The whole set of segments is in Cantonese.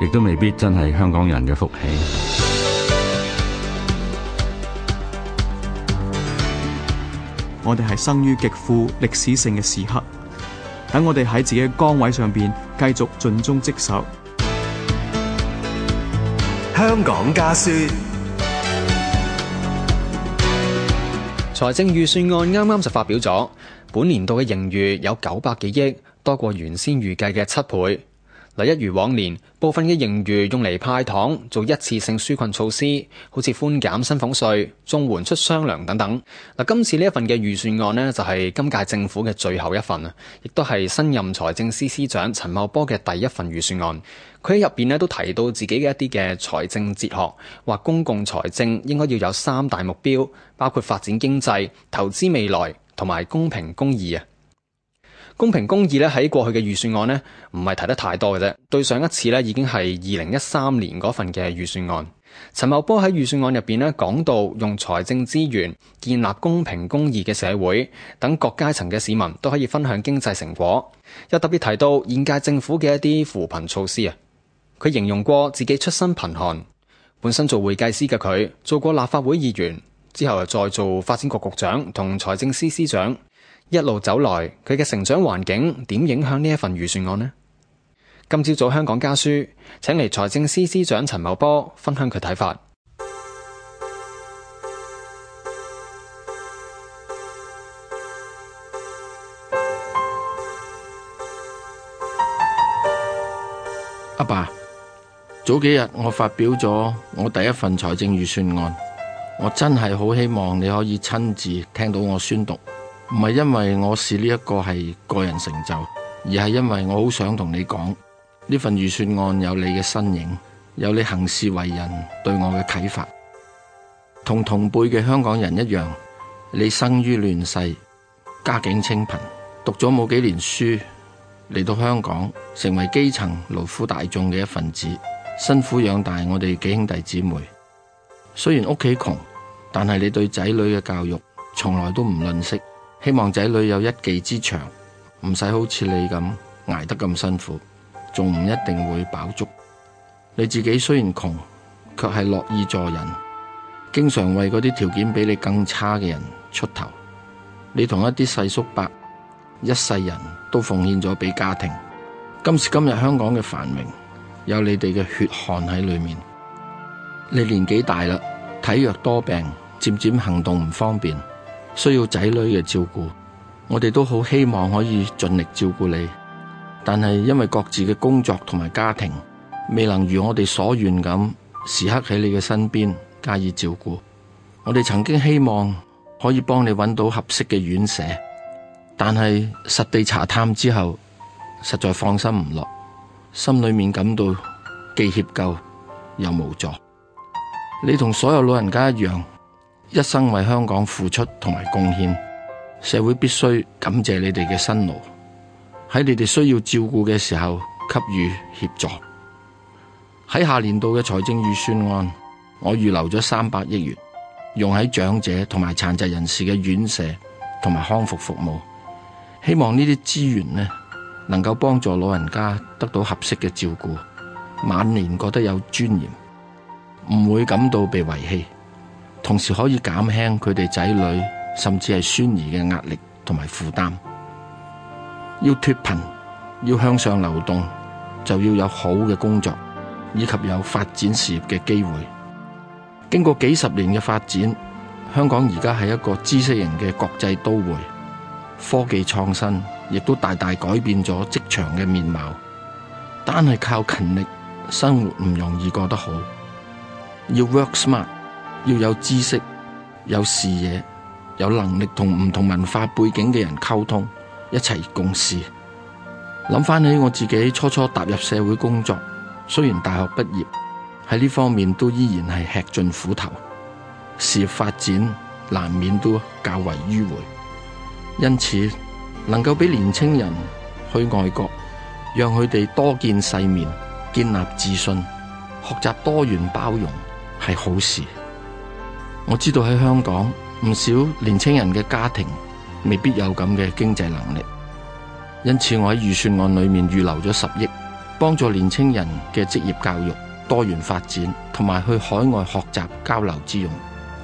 亦都未必真係香港人嘅福氣。我哋係生於極富歷史性嘅時刻，等我哋喺自己嘅崗位上邊繼續盡忠職守。香港家書，財政預算案啱啱就發表咗，本年度嘅盈餘有九百幾億，多過原先預計嘅七倍。就一如往年，部分嘅盈餘用嚟派糖，做一次性紓困措施，好似寬減薪俸稅、綜援出商量等等。嗱，今次呢一份嘅預算案呢，就係今屆政府嘅最後一份啊，亦都係新任財政司司、司長陳茂波嘅第一份預算案。佢喺入邊呢都提到自己嘅一啲嘅財政哲學，或公共財政應該要有三大目標，包括發展經濟、投資未來同埋公平公義啊。公平公義咧，喺過去嘅預算案呢，唔係提得太多嘅啫，對上一次咧，已經係二零一三年嗰份嘅預算案。陳茂波喺預算案入面咧，講到用財政資源建立公平公義嘅社會，等各階層嘅市民都可以分享經濟成果，又特別提到現屆政府嘅一啲扶貧措施啊。佢形容過自己出身貧寒，本身做會計師嘅佢，做過立法會議員，之後再做發展局局長同財政司司長。一路走來，佢嘅成長環境點影響呢一份預算案呢？今朝早，早，香港家書請嚟財政司司長陳茂波分享佢睇法。阿爸，早幾日我發表咗我第一份財政預算案，我真係好希望你可以親自聽到我宣讀。唔係因為我視呢一個係個人成就，而係因為我好想同你講，呢份預算案有你嘅身影，有你行事為人對我嘅啟發。同同輩嘅香港人一樣，你生於亂世，家境清貧，讀咗冇幾年書，嚟到香港成為基層勞苦大眾嘅一份子，辛苦養大我哋幾兄弟姊妹。雖然屋企窮，但係你對仔女嘅教育從來都唔吝嗇。希望仔女有一技之長，唔使好似你咁挨得咁辛苦，仲唔一定會飽足。你自己雖然窮，卻係樂意助人，經常為嗰啲條件比你更差嘅人出頭。你同一啲細叔伯，一世人都奉獻咗俾家庭。今時今日香港嘅繁榮，有你哋嘅血汗喺裏面。你年紀大啦，體弱多病，漸漸行動唔方便。需要仔女嘅照顧，我哋都好希望可以盡力照顧你，但係因為各自嘅工作同埋家庭，未能如我哋所願咁時刻喺你嘅身邊加以照顧。我哋曾經希望可以幫你揾到合適嘅院舍，但係實地查探之後，實在放心唔落，心裏面感到既歉疚又無助。你同所有老人家一樣。一生為香港付出同埋貢獻，社會必須感謝你哋嘅辛勞，喺你哋需要照顧嘅時候，給予協助。喺下年度嘅財政預算案，我預留咗三百億元，用喺長者同埋殘疾人士嘅院舍同埋康復服務。希望呢啲資源呢，能夠幫助老人家得到合適嘅照顧，晚年覺得有尊嚴，唔會感到被遺棄。同時可以減輕佢哋仔女甚至係孫兒嘅壓力同埋負擔。要脫貧，要向上流動，就要有好嘅工作，以及有發展事業嘅機會。經過幾十年嘅發展，香港而家係一個知識型嘅國際都會，科技創新亦都大大改變咗職場嘅面貌。單係靠勤力，生活唔容易過得好。要 work smart。要有知識、有視野、有能力同唔同文化背景嘅人溝通，一齊共事。諗翻起我自己初初踏入社會工作，雖然大學畢業，喺呢方面都依然係吃盡苦頭，事業發展難免都較為迂迴。因此，能夠俾年青人去外國，讓佢哋多見世面，建立自信，學習多元包容，係好事。我知道喺香港唔少年青人嘅家庭未必有咁嘅經濟能力，因此我喺預算案裏面預留咗十億，幫助年青人嘅職業教育多元發展，同埋去海外學習交流之用。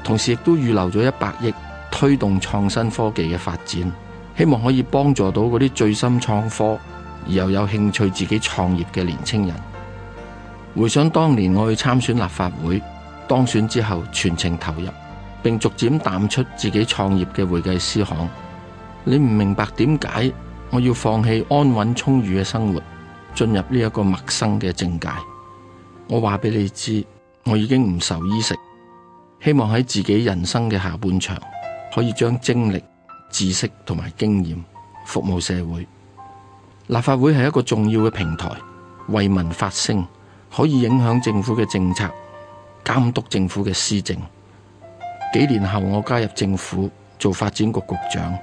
同時亦都預留咗一百億，推動創新科技嘅發展，希望可以幫助到嗰啲最新創科而又有興趣自己創業嘅年青人。回想當年我去參選立法會。當選之後，全程投入，並逐漸淡出自己創業嘅會計師行。你唔明白點解我要放棄安穩充裕嘅生活，進入呢一個陌生嘅政界。我話俾你知，我已經唔愁衣食，希望喺自己人生嘅下半場，可以將精力、知識同埋經驗服務社會。立法會係一個重要嘅平台，為民發聲，可以影響政府嘅政策，監督政府嘅施政。幾年後，我加入政府做發展局局長。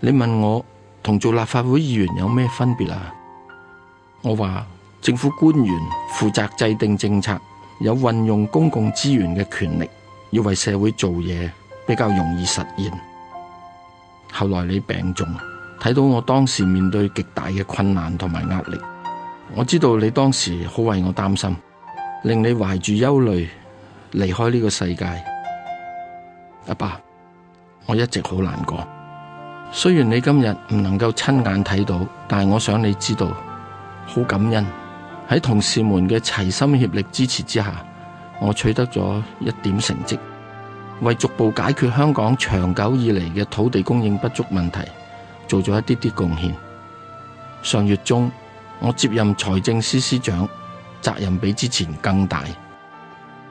你問我同做立法會議員有咩分別啊？我話政府官員負責制定政策，有運用公共資源嘅權力，要為社會做嘢比較容易實現。後來你病重，睇到我當時面對極大嘅困難同埋壓力，我知道你當時好為我擔心，令你懷住憂慮離開呢個世界，阿爸，爸，我一直好難過。雖然你今日唔能夠親眼睇到，但係我想你知道，好感恩。喺同事們嘅齊心協力支持之下，我取得咗一點成績，為逐步解決香港長久以嚟嘅土地供應不足問題，做咗一啲啲貢獻。上月中，我接任財政司司長，責任比之前更大。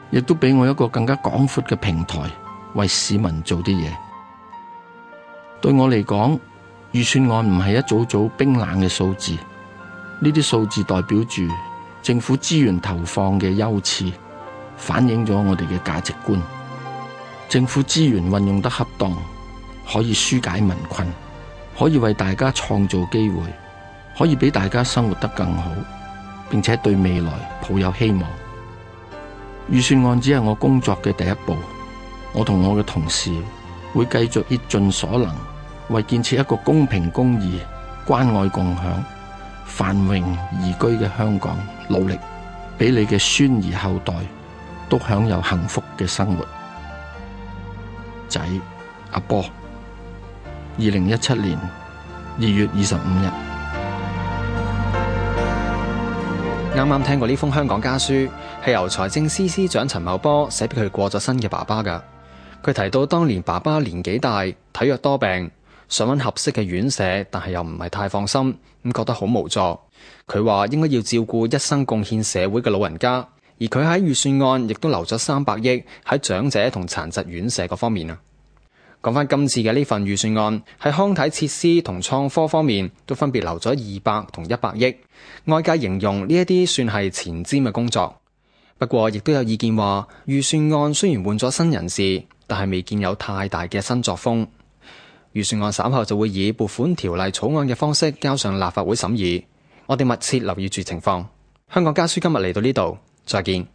亦都俾我一個更加廣闊嘅平台，為市民做啲嘢。對我嚟講，預算案唔係一組組冰冷嘅數字，呢啲數字代表住政府資源投放嘅優次，反映咗我哋嘅價值觀。政府資源運用得恰當，可以紓解民困，可以為大家創造機會，可以俾大家生活得更好，並且對未來抱有希望。預算案只係我工作嘅第一步，我同我嘅同事會繼續竭盡所能，為建設一個公平公義、關愛共享、繁榮宜居嘅香港努力，俾你嘅孫兒後代都享有幸福嘅生活。仔，阿波，二零一七年二月二十五日。啱啱聽過呢封香港家書，係由財政司司長陳茂波寫俾佢過咗身嘅爸爸噶。佢提到當年爸爸年紀大、體弱多病，想揾合適嘅院舍，但係又唔係太放心，咁覺得好無助。佢話應該要照顧一生貢獻社會嘅老人家，而佢喺預算案亦都留咗三百億喺長者同殘疾院舍嗰方面啊。講翻，今次嘅呢份預算案，喺康體設施同創科方面都分別留咗二百同一百億。外界形容呢一啲算係前瞻嘅工作，不過亦都有意見話，預算案雖然換咗新人士，但係未見有太大嘅新作風。預算案散後就會以撥款條例草案嘅方式交上立法會審議。我哋密切留意住情況。香港家書今日嚟到呢度，再見。